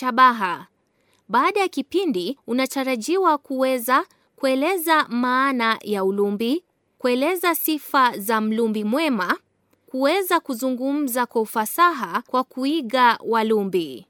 Shabaha: baada ya kipindi unatarajiwa kuweza kueleza maana ya ulumbi, kueleza sifa za mlumbi mwema, kuweza kuzungumza kwa ufasaha kwa kuiga walumbi.